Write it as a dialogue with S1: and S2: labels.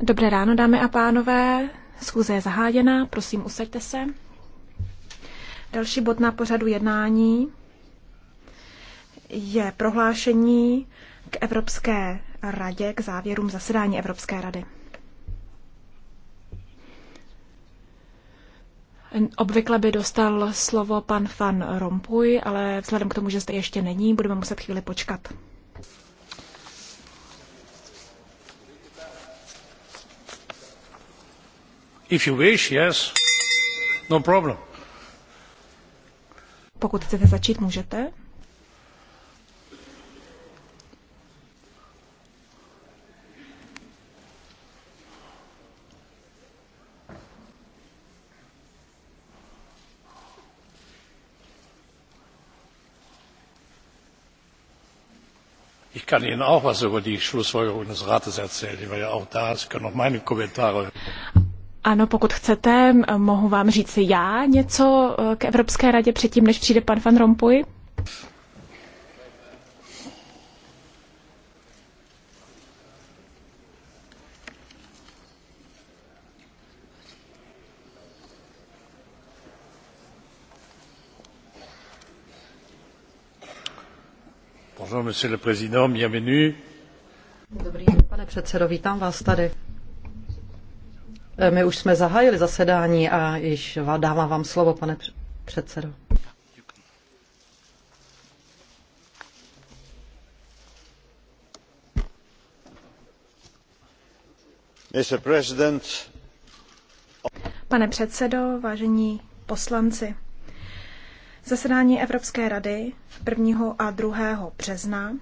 S1: Dobré ráno, dámy a pánové. Schůze je zahájena, prosím, usaďte se. Další bod na pořadu jednání je prohlášení k Evropské radě, k závěrům zasedání Evropské rady. Obvykle by dostal slovo pan Van Rompuy, ale vzhledem k tomu, že zde ještě není, budeme muset chvíli počkat.
S2: If you wish, yes. No problem.
S1: Pokud chcete začít, můžete.
S2: Ich kann Ihnen auch was über die Schlussfolgerung des Rates erzählen. die war ja auch da. Sie können auch meine Kommentare.
S1: Ano, pokud chcete, mohu vám říct já něco e, k Evropské radě předtím, než přijde pan Van Rompuy.
S3: Dobrý den, pane předsedo, vítám vás tady. My už jsme zahájili zasedání a již dávám vám slovo, pane předsedo.
S1: Pane předsedo, vážení poslanci, zasedání Evropské rady 1. a 2. března